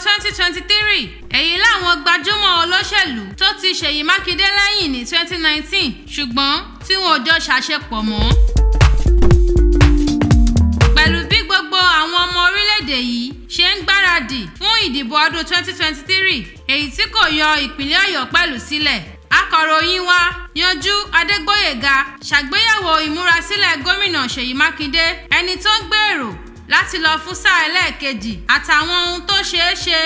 2023. twenty three èyí làwọn gbajúmọ̀ olóṣèlú tó ti Ṣèyí Mákindé lẹ́yìn ní twenty nineteen ṣùgbọ́n tí wọn ò jọ ṣàṣepọ̀ mọ́. pẹ̀lú bí gbogbo àwọn ọmọ orílẹ̀-èdè yìí ṣe ń gbáradì fún ìdìbò ọdún twenty twenty three èyí tí kò yọ ìpínlẹ̀ Ọ̀yọ́ pẹ̀lú sílẹ̀ akọ̀ròyìn wa yanjú adégbòyèga ṣàgbéyẹ̀wò ìmúrasílẹ̀ gómìnà ṣèyí mákindé ẹni tó ń gbèrò láti lọ fún sáà ẹlẹ́ẹ̀kejì àtàwọn ohun tó ṣeé ṣe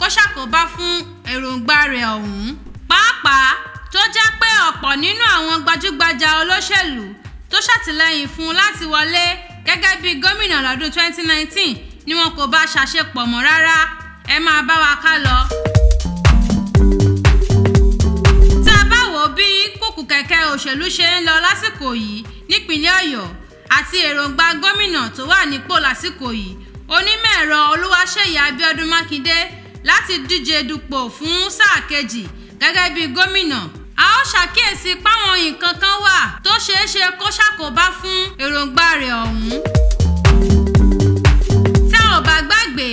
kó ṣàkóbá fún èròǹgbà rẹ̀ ọ̀hún pàápàá tó jẹ́ pé ọ̀pọ̀ nínú àwọn gbajúgbajà olóṣèlú tó ṣàtìlẹ́yìn fún un láti wọlé gẹ́gẹ́ bí gómìnà lọ́dún 2019 ni wọn kò bá ṣàṣepọ̀ mọ́ rárá ẹ máa bá wa ká lọ. tá a bá wò ó bí kùkù kẹ̀kẹ́ òṣèlú ṣe ń lọ lásìkò yìí nípínlẹ̀ ọ̀yọ́ àti èròǹgbà gómìnà tó wà nípò lásìkò yìí onímọ̀-ẹ̀rọ olúwaṣeyì abiodun makinde láti díje dupò fún sáà kejì gẹ́gẹ́ bí gómìnà a ó ṣàkíyèsí páwọn nǹkan kan wà tó ṣeé ṣe kó ṣàkóbá fún èròǹgbà rẹ̀ ọ̀hún. tá ò bá gbàgbé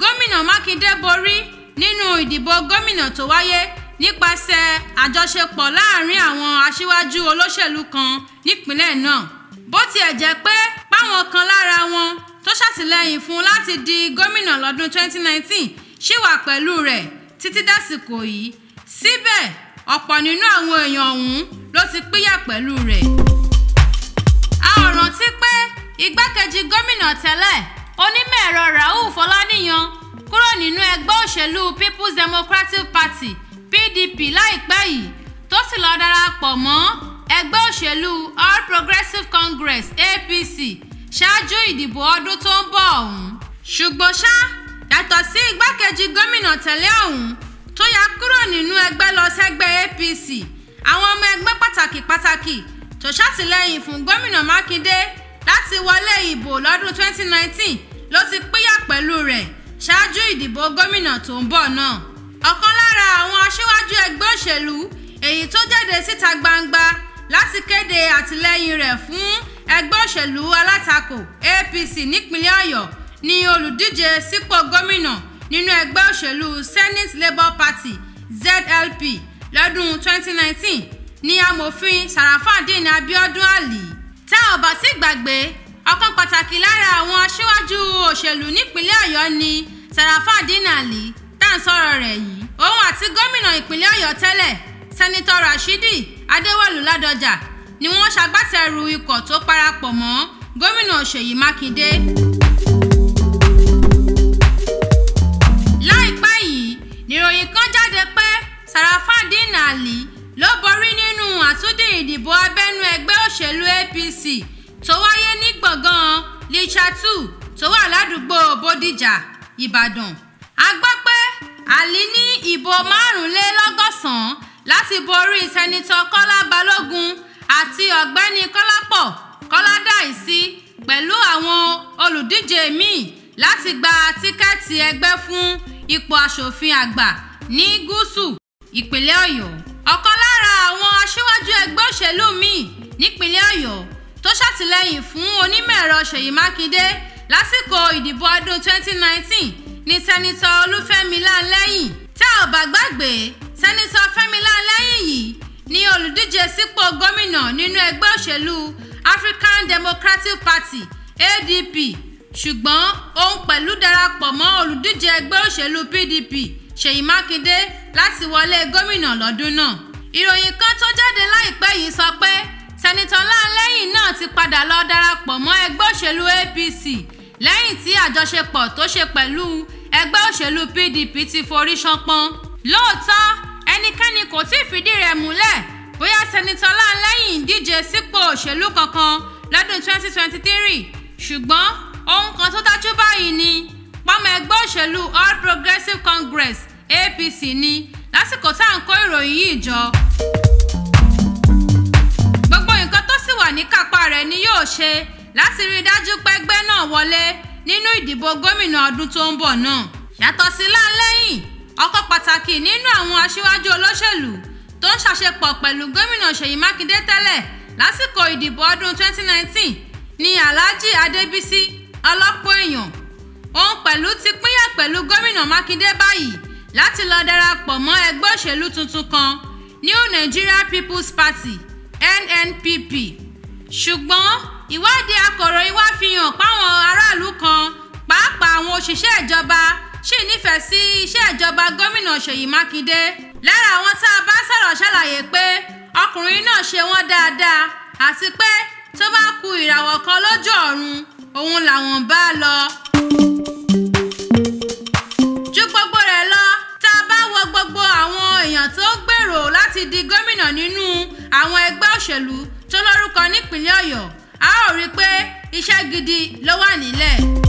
gómìnà mákindé borí nínú ìdìbò gómìnà tó wáyé nípasẹ̀ àjọṣepọ̀ láàrin àwọn aṣíwájú olóṣèlú kan nípínlẹ̀ náà bó tiẹ̀ jẹ́ pé báwọn kan lára wọn tó ṣàtìlẹ́yìn fún láti di gómìnà lọ́dún 2019 ṣì wà pẹ̀lú rẹ̀ títí dásìkò yìí síbẹ̀ ọ̀pọ̀ nínú àwọn èèyàn ọ̀hún ló ti pínyà pẹ̀lú rẹ̀. a ò rántí pé igbákejì gómìnà tẹ́lẹ̀ onímọ̀-ẹ̀rọ Rauf Ọláníyan kúrò nínú ẹgbẹ́ òṣèlú People's Democratic Party PDP láìpẹ́ yìí tó sì lọ darapọ̀ mọ́ ẹgbẹ́ òṣèlú all progressives congress apc ṣáájú ìdìbò ọdún tó ń bọ̀ ọ̀hún ṣùgbọ́n ṣá yàtọ̀ sí igbákejì gómìnà tẹ̀lé ọ̀hún tó yà kúrò nínú ẹgbẹ́ lọ sẹ́gbẹ́ apc àwọn ọmọ ẹgbẹ́ pàtàkì pàtàkì tó ṣàtìlẹ́yìn fún gómìnà mákindé láti wọlé ìbò lọ́dún 2019 ló ti pínyà pẹ̀lú rẹ̀ ṣáájú ìdìbò gómìnà tó ń bọ̀ náà ọ̀kan lára àwọn aṣíwájú ẹgbẹ́ òṣèlú èyí tó jáde síta gbangba láti kéde àtìlẹ́yìn rẹ̀ fún ẹgbẹ́ òṣèlú alátakò APC nípínlẹ̀ Ọ̀yọ́ ní olùdíje sípò gómìnà nínú ẹgbẹ́ òṣèlú Senate Labour Party ZLP lọ́dún 2019 ní amòfin Sarafadeen Abiodun Ali tá ò bá sì gbàgbé ọ̀kan pàtàkì lára àwọn aṣíwájú òṣèlú nípínlẹ̀ Ọ̀yọ́ ni Sarafadeen Ali tá à ń sọ̀rọ̀ rẹ̀ yìí òun àti gómìnà ìpínlẹ̀ Ọ̀yọ́ tẹ́lẹ̀ sẹ́nitọ́ Rashidi Adéwọ̀lú Ládọjà ni wọ́n ṣagbátẹrù ikọ̀ tó parapọ̀ mọ́ gómìnà Ṣèyí Mákindé. láìpẹ́ yìí níròyìn kan jáde pé Sarafadeen Ali ló borí nínú àtúndì ìdìbò abẹ́nú ẹgbẹ́ òṣèlú APC tó wáyé ní gbọ̀ngàn lichatu tó wà ládùúgbò Bódìjà Ìbàdàn a gbọ́ pé Ali ní ìbò márùnlélọ́gọ́sàn-án láti borí sẹ́nitọ́ kọ́lá balógun àti ọ̀gbẹ́ni kọ́lápọ̀ kọ́ládàísí pẹ̀lú àwọn olùdíje míì láti gba tíkẹ́ẹ̀tì ẹgbẹ́ fún ipò asòfin àgbà ní gúúsù ìpínlẹ̀ ọ̀yọ́ ọ̀kan lára àwọn aṣíwájú ẹgbẹ́ òṣèlú míì nípínlẹ̀ ọ̀yọ́ tó ṣàtìlẹ́yìn fún onímọ̀-ẹ̀rọ ṣèyí mákindé lásìkò ìdìbò ọdún 2019 ní sẹ́nitọ́ olúfẹ́mi láńlẹ́yìn tá ò bá gbàgbé sẹ́nitọ́ Fẹ́mi Láńlẹ́yìn yìí ni olùdíje sípò gómìnà nínú ẹgbẹ́ òṣèlú African Democratic Party ADP ṣùgbọ́n òun pẹ̀lú darapọ̀ mọ́ olùdíje ẹgbẹ́ òṣèlú PDP Ṣèyí Mákindé láti wọlé gómìnà lọ́dún náà ìròyìn kan tó jáde láìpẹ́ yìí sọ pé sẹ́nitọ́ Láńlẹ́yìn náà ti padà lọ darapọ̀ mọ́ ẹgbẹ́ òṣèlú APC lẹ́yìn tí àjọṣepọ̀ tó ṣe pẹ̀lú ẹgbẹ́ òṣèlú PDP ti forí ṣánpọ́n lóòótọ́ ẹnikẹ́ni kò tí ì fìdí rẹ̀ múlẹ̀ bóyá sẹ́nitọ́ Ọláńlẹ́yìn díje sípò òṣèlú kankan lọ́dún 2023 ṣùgbọ́n ohun kan tó dájú báyìí ni pọ́mọ ẹgbẹ́ òṣèlú All Progressives Congress APC ni lásìkò tá à ń kó ìròyìn yìí jọ. gbogbo nǹkan tó sì wà ní kápá rẹ̀ ni yóò ṣe láti rí i dájú pé ẹgbẹ́ náà wọlé nínú ìdìbò gómìnà ọdún tó ń bọ̀ náà yàtọ̀ sí Ọláńlẹ́yìn ọ̀kan pàtàkì nínú àwọn aṣíwájú olóṣèlú tó ń ṣàṣepọ̀ pẹ̀lú gómìnà Ṣèyí Mákindé tẹ́lẹ̀ lásìkò ìdìbò ọdún 2019 ni Alhaji Adébísí ọlọ́pọ̀ èèyàn òun pẹ̀lú ti pínyà pẹ̀lú gómìnà Mákindé báyìí láti lọ darapọ̀ mọ́ ẹgbẹ́ òṣèlú tuntun kan New Nigeria People's Party NNPP ṣùgbọ́n ìwádìí akọ̀ròyìn wá fi hàn páwọn aráàlú kan pàápàá àwọn òṣìṣẹ́ ìjọba ṣì nífẹ̀ẹ́ sí iṣẹ́ ìjọba gómìnà Ṣèyí Mákindé lára àwọn tá a bá sọ̀rọ̀ ṣàlàyé pé ọkùnrin náà ṣe wọ́n dáadáa àti pé tó bá ku ìràwọ̀ kan lójú ọ̀run òun làwọn bá lọ. ju gbogbo rẹ̀ lọ tá a bá wo gbogbo àwọn èèyàn tó gbèrò láti di gómìnà nínú àwọn ẹgbẹ́ òṣèlú tó lórúkọ nípínlẹ̀ Ọ̀yọ́ a ó rí i pé iṣẹ́ gidi ló wà nílẹ̀.